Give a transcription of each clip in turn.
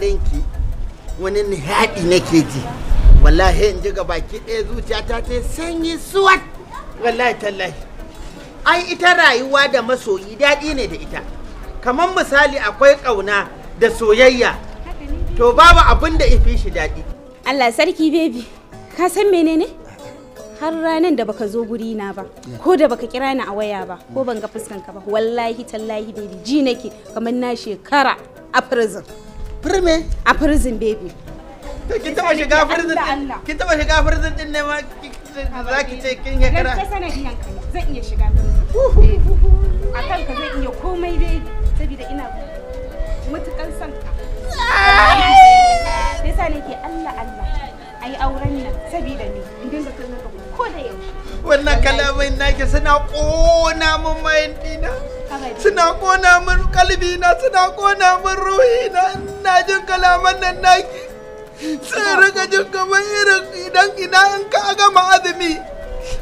ki wani nihaɗi nake ji wallahi in ji ga baki ɗaya zuciyata ta sanyi suwat wallahi tallahi ai ita rayuwa da masoyi daɗi ne da ita kamar misali akwai ƙauna da soyayya to babu abin da ifi shi daɗi Allah sarki baby ka san menene har ranar da baka zo guri na ba ko da baka kira ni a waya ba ko ban ga fuskanka ba wallahi tallahi baby ji nake kamar na shekara a prison Firme? A prison baby. Ki taba shiga prison din? taba shiga prison din ne ma za ki ce kin ya kara? iya shiga ina mutukan son ka. Allah Allah auren nan saboda ni in dinga kallon ka ko da Wannan kalamai nake suna kona mun mayan dina. Suna kona mun kalbina, suna kona mun ruhina. ina jin kalaman nan naki sai rika jin kamar irin idan idan in ka gama azumi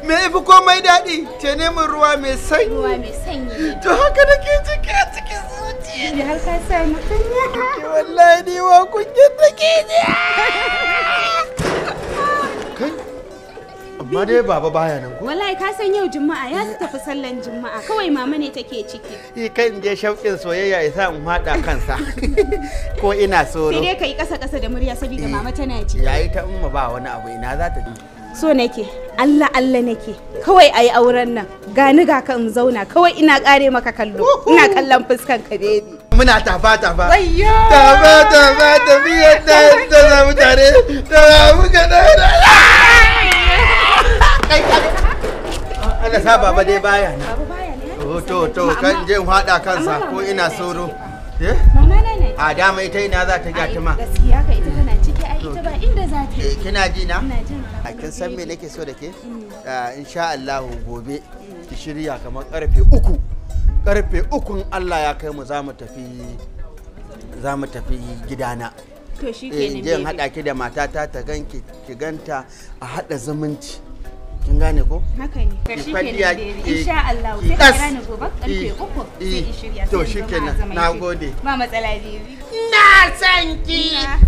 me ifi komai daɗi ce neman ruwa mai sanyi ruwa mai sanyi to haka nake ji ke cikin zuciya da har ka sa mutum ya wallahi ni wa kun kunyar take ji amma dai baba baya nan ko wallahi ka san yau juma'a ya su tafi sallan juma'a kawai mama ne take ciki eh kai in je shauƙin soyayya ya sa in hada kansa ko ina soro sai dai kai kasa kasa da murya saboda mama eh, tana ciki. yayi ta umma ba wani abu ina za ta ji so nake Allah Allah nake kawai ayi auren nan gani ga ka in zauna kawai ina kare maka kallo ina kallon fuskan ka dai. muna tafa tafa tafa tafa tafiyar da ta zama tare da ka da Allah sa baba dai baya ne. Oh, to to kan je hada kansa ko ina soro. Eh? Mama A dama ita ina za ta ga tuma. Gaskiya ka ita tana ciki ai ita ba inda za ta yi. Eh, kina ji na? Ina jin. A kin san me nake so da ke? Mm. Ah, insha Allah gobe mm. ki shirya kamar karfe uku. Karfe ukun Allah ya kai mu za mu tafi za mu tafi gidana. To shi eh, ke ne. haɗa ki da matata ta ganki ki ganta a haɗa zumunci. kin gane ko haka ne to da insha Allah sai ka gane gobe karfe 3 sai in shirya to shikenan nagode ba matsala na san ki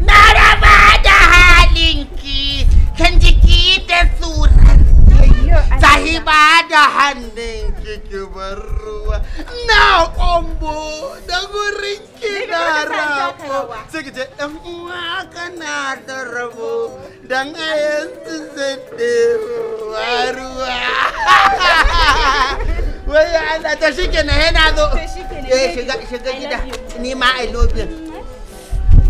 na raba da halin ki kan jiki da surar sahiba da hannun ki bar ruwa na kombo da gurin ki na rabo sai ki ce dan uwa kana da rabo dan aye to shi ke nan yana zo eh, shiga gida ni ma i love you mm-hmm.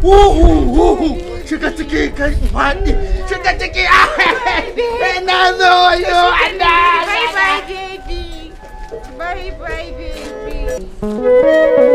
Uhu, uhu, shiga ciki kai fadi shiga ciki a ah, na zo yo anda. Bye bye baby, bye bye baby.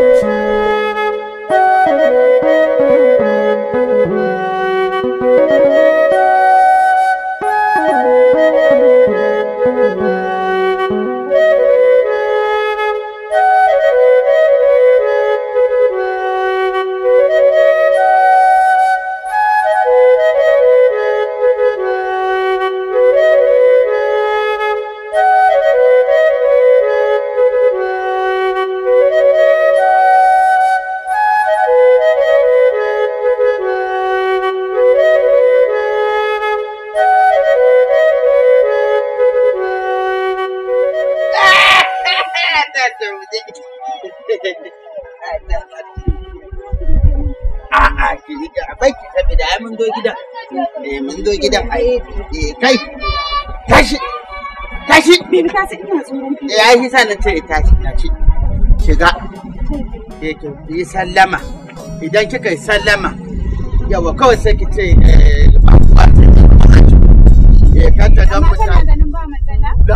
A'a, ki rike a baki saboda ai mun zo gidan. Eh mun zo gidan ai kai. Tashi. Tashi. Bibi ta sa ina tsoron. Eh hisa ce tashi tashi. Shiga. Eh to yi sallama. Idan kika yi sallama yawa kawai sai ki ce eh ba ku ba ta. Eh ta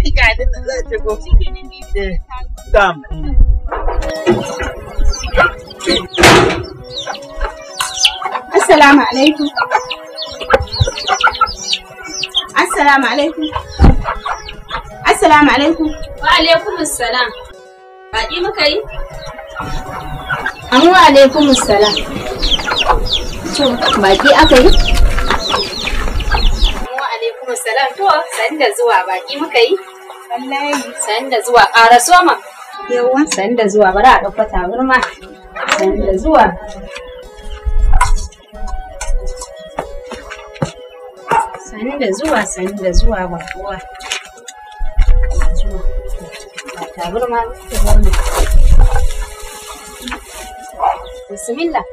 din nan eh. alaikum Wa alaikum assalam Baƙi muka yi? An alaikum To, baƙi aka yi? Wa alaikum assalam to, sanda zuwa baƙi muka yi? Wallahi. da zuwa ƙara soma. Yawwa. San da zuwa bari a ɗauko tabarma. San da zuwa. da zuwa da zuwa ba kowa. Bismillah.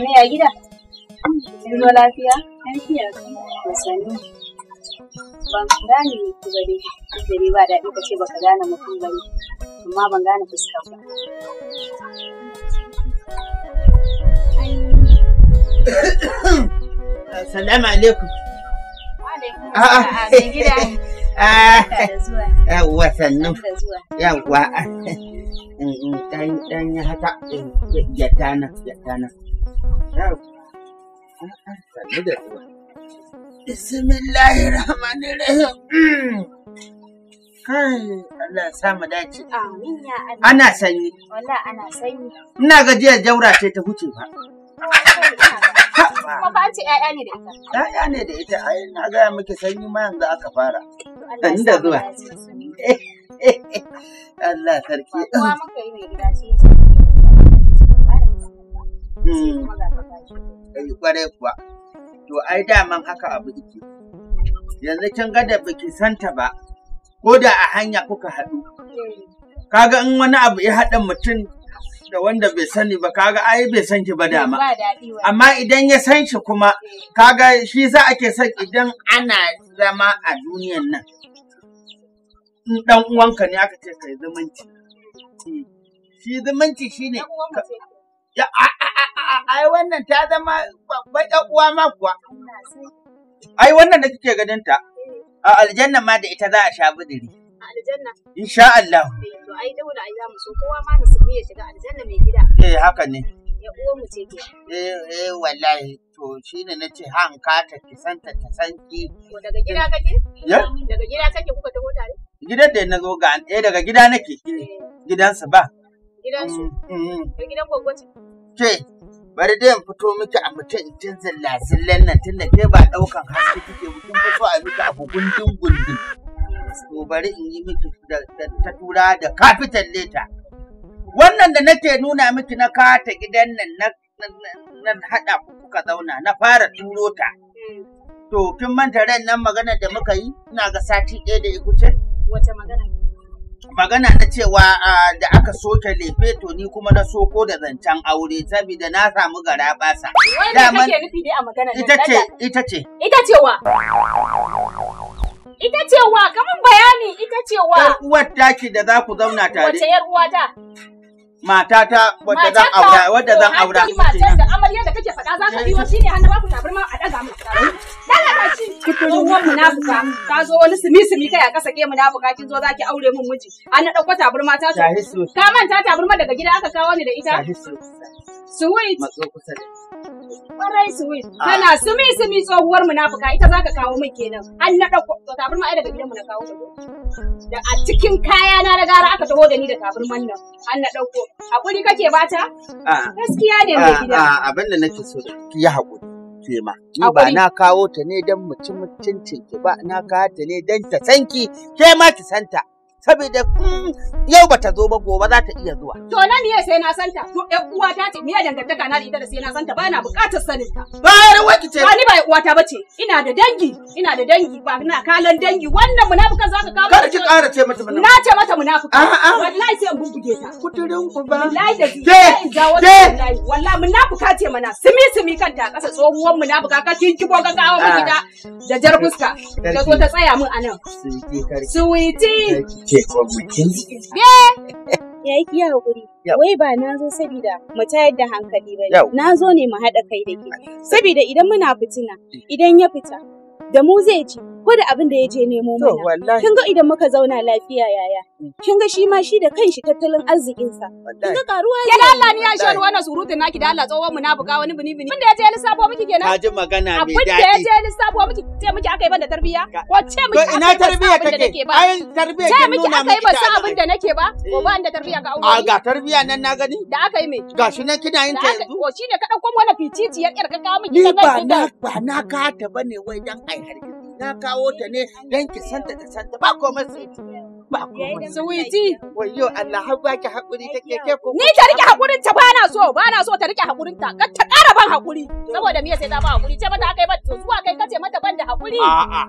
sannu ya gida kin zo lafiya lafiya da sannu ban gane ku bari gari ba daɗi ka ce baka gane mutum bari amma ban gane fuskar ba Assalamu alaikum. Ah, ah. Ah. Yawwa haka sannu da rahim kai Allah ya dace amin ya Allah ana sanyi ana sanyi ina gajiyar jaura ce ta huce fa kuma ba ce ƴaƴa ne da ita ƴaƴa ne da ita ai ina ga miki sanyi ma yanzu aka fara sannu da zuwa Allah sarki. yi mai gida shi Hmm. Eh kwarai kuwa. To ai daman haka abu yake. Yanzu kin ga da baki santa ba. Ko da a hanya kuka haɗu. Kaga in wani abu ya haɗa mutum da wanda bai sani ba kaga ai bai san ki ba dama amma idan ya san shi kuma eh. kaga shi za ke son idan ana zama a duniyan nan in dan uwanka ne aka ce yi zumunci eh, shi zumunci ne. Ai wannan ta zama babban ɗan uwa ma kuwa. Ai wannan da kike ganin ta. A aljanna ma da ita za a sha budiri. A aljanna. Insha Allah. Eh, to ai daula ai za mu so kowa ma musulmi ya shiga aljanna mai gida. Eh haka ne. Ya uwa mu ce ke. Eh eh wallahi to shine na ce hanka ta ki santa ta san ki. To daga gida kake? Ya. Daga gida kake kuka taho tare? Gidan da na zo ga eh daga gida nake. Eh. Gidansa ba. Gidan mm-hmm. bari dai in fito miki a fita in canza lasillan nan tunda ke ba ɗaukan haske kike mutum ko so a miki a gundun gundun. To bari in yi miki ta tura da kafitan leta. Wannan da nake nuna miki na kata gidan nan na na haɗa kuka zauna na fara turo ta. Mm. To kin manta ran nan magana da muka yi ina ga sati ɗaya da ikuce? Wace magana? magana na cewa da aka soke lefe to ni kuma na soko da zancen aure saboda na samu gara basa. Wanda kake nufi dai a magana ita ce ita ce ita ce wa ita ce wa kamar bayani ita ce wa uwar taki da za ku zauna tare wace yar uwa ta matata wadda zan aura wadda zan aura da amarya Da za ka biyo shi ne hannu baku tabarma a ɗaga mu. Dala ka ci. Tsohuwar munafuka ta zo wani sumi sumi kai a kasa ke munafuka kin zo za ki aure mun miji. An na ɗauko tabarma ta su. Ka manta tabarma daga gida aka kawo ni da ita. Sweet. Matso kusa da. Kwarai Sweet. Ah. Kana sumi sumi tsohuwar munafuka ita za ka kawo min kenan. An na ɗauko to tabarma ai daga gidanmu na kawo ta. Da a cikin kaya na na gara aka taho da ni da tabarman nan. An na ɗauko. Hakuri kake bata? Ah. Gaskiya ne mai ah, gida. Abin da nake so ki yi hakuri. ke ma. Ni ba na kawo ta ne don mutum mutuncin ki ba, na kawo ta ne don ta san ki, ke ma ki santa. saboda yau ba ta zo ba gobe za ta iya zuwa. To na miye sai na santa to ƴan uwata ce miye dangantaka na da ita da sai na santa ba na buƙatar sanin ta. Bayar waki ce. Ba ni ba uwata ba ce ina da dangi ina da dangi ba ina kalan dangi wannan munafukan za ka kawo. Kar ki ƙara ce mata munafuka. Na ce mata munafuka. Wallahi sai in bubbuge ta. Kuturin ku ba. Wallahi da zai. Ke ke. Wallahi munafuka ce mana simi simi kanta ƙasa tsohuwar munafuka ka kin kibo ka kawo mu gida ah. da jar fuska. ka zo ta tsaya min a nan. Suwiti. ke kuma ya yi kiya wuri wai ba na zo sabida mu tayar da hankali ba na zo ne mu haɗa kai da ke Sabida idan muna fitina idan ya fita da mu zai ci ko da abin da ya je nemo mana kin ga idan muka zauna lafiya yaya kin ga shi ma shi da kanshi tattalin arzikinsa kin ga karuwa ya Allah ni ya shi wannan surutun naki da Allah tsohon buga wani bini bini inda ya je lissafo miki kenan ka ji magana mai daɗi abin da ya je lissafo miki ce miki aka yi ban da tarbiya ko ce miki ina tarbiya kake ai tarbiya ke nuna miki ce miki aka yi ban san abin da nake ba ko eh. ba da tarbiya ga aure a ga tarbiya nan na gani da aka yi me gashi nan kina yin ta yanzu ko shine ka dauko wani fitici ya kirka kawo miki ni ba na ba na ka ta bane wai dan ai harki na kawo ta ne dan ki santa ta santa ba komai sai ba suwiti wayo Allah har baki hakuri take ke ko ni ta rike hakurin ta bana so bana so ta rike hakurin ta kar ta ƙara ban haƙuri. saboda me sai ta ba hakuri ce mata akai ba to zuwa kai kace mata ban da hakuri a'a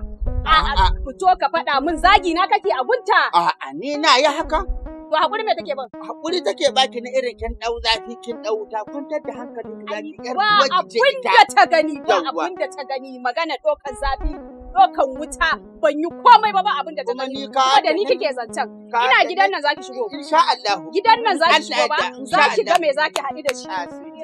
a'a fito ka faɗa min zagi na kake abunta a'a ni na yi haka To haƙuri me take ban? Haƙuri take baki na irin kin ɗau zafi kin ɗau wuta kwantar da hankali zafi, zaki ƴar uwa Ba abun da ta gani ba abun da ta gani magana ɗaukar zafi ɗaukan wuta ban yi komai ba ba abin da ta gani kuma da ni kike zancen ina gidan nan zaki shigo insha Allah gidan nan zaki shigo ba zaki ga me zaki haɗu da shi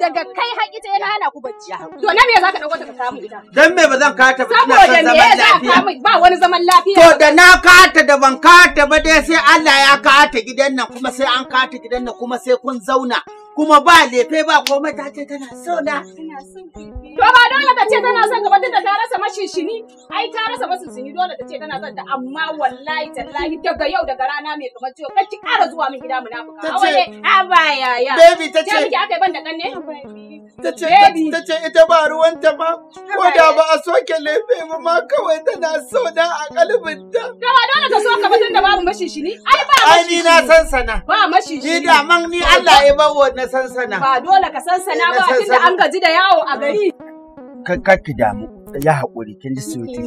daga kai har ita yana hana ku bacci to na me zaka dauko ta ka samu gida dan me bazan kata ba ina son zaman lafiya ba wani zaman lafiya to da na kata da ban kata ba dai sai Allah ya kata gidan nan kuma sai an kata gidan nan kuma sai kun zauna kuma ba lefe ba komai ta ce tana so da. To ba dole ta ce tana son ka ba tunda ta rasa mashinshini ai ta rasa mashinshini dole ta ce tana son ta amma wallahi tallahi daga yau daga rana mai kamar ciwo kar ki ƙara zuwa min gida munafuka. Ta ce a ba yaya. Baby ta ce. Ta miki aka yi ban da ƙanne. Ta ce ta ce ita ba ruwanta ba ko da ba a soke lefe ba ma kawai tana so da a kalbinta. to ba dole ka so ka ba tunda babu mashinshini ai ba mashinshini. Ai ni na san sana. Ba mashinshini. Ni da man ni Allah ya bawa na sansana. Ba dole ka sansana ba a tunda an gaji da yawo a gari. Ka ki damu. Ya haƙuri kin ji suti.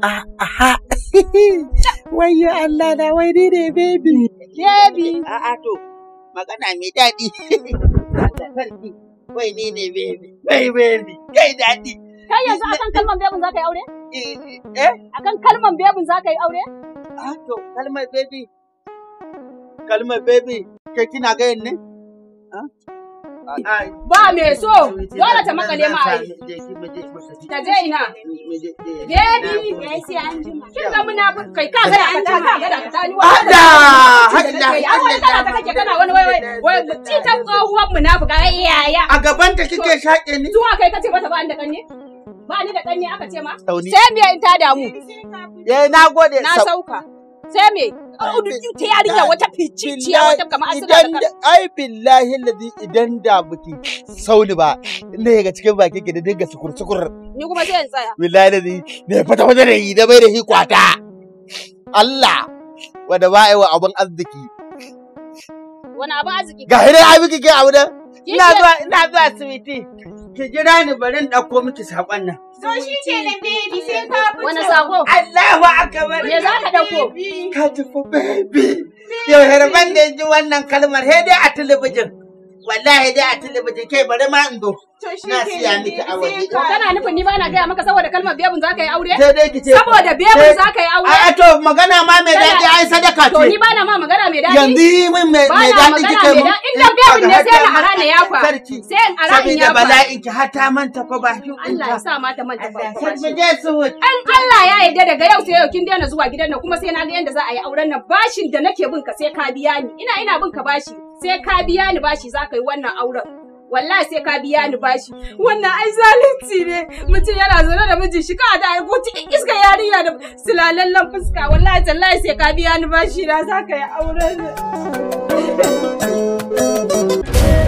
Ah, aha. Wayyo Allah na wai ni ne baby. Baby. A'a to magana mai daɗi. Wai ni ne baby. Wai baby. Kai daɗi. Kai yanzu akan kalman bebin za ka yi aure? Eh? eh, eh. Akan kalman bebin za ka yi aure? Ah to kalmar baby. Kalmar baby. Kai kina gayin ne? Ba me so, dole ta makale ma ai. Ta je ina. Baby, kin ga muna kai ka ga ka ta ga ka ta ni wa. Hada, hada. Ai wai tana ta kake kana wani wai wai wai ci ta tsohuwar munafika yaya. A gaban ta kike shaƙe ni. Zuwa kai kace mata ba inda kanye. Ba ni da kanye aka ce ma. Sai me in ta damu. Eh na gode. Na sauka. Sai me? ta yarinya wata wata da ai billahi ladi idan da muke sauli ba inda ga cikin baki ki dinga sukur sukur ni kuma sai in tsaya billahi ladi ne fata da yi da bai da hi kwata Allah wanda ba wa abun arziki wani abin arziki ga ke abu da ina zuwa asibiti ki jira ni bari in ɗauko miki sakon nan To shi ke nan baby sai ka fito. Wani sako? Allahu akbar. Me za ka dauko? Ka ji baby. Yau herban da ji wannan kalmar he dai a talabijin. Wallahi dai a talabijin kai bari ma in zo. na siya miki a waje. To kana nufin ni ba na gaya maka saboda kalmar bebin za ka yi aure? Sai dai kice. Saboda bebin za ka yi aure. A to magana ma mai daɗi ai sadaka ce. To ni ba na ma magana mai daɗi. Yanzu min mai daɗi kike mu. In eh, da bebin ne sai na ara na yakwa. Sai in ara in yakwa. Saboda bala'in ki har ta manta ko ba ki Allah ya sa ma ta manta ba. Sai je su. An Allah ya yarda daga yau sai yau kin daina zuwa gidan nan kuma sai na ga yanda za a yi auren nan bashin da nake bin ka sai ka biya ni. Ina ina bin ka bashi. Sai ka biya ni bashi za ka yi wannan auren. wallahi sai ka biya ni bashi wannan ai zalunci ne mutum yana zaune da miji shi ka da ai ko cikin iska yarinya da silalallan fuska wallahi tallahi sai ka biya ni bashi na zaka ka aure auren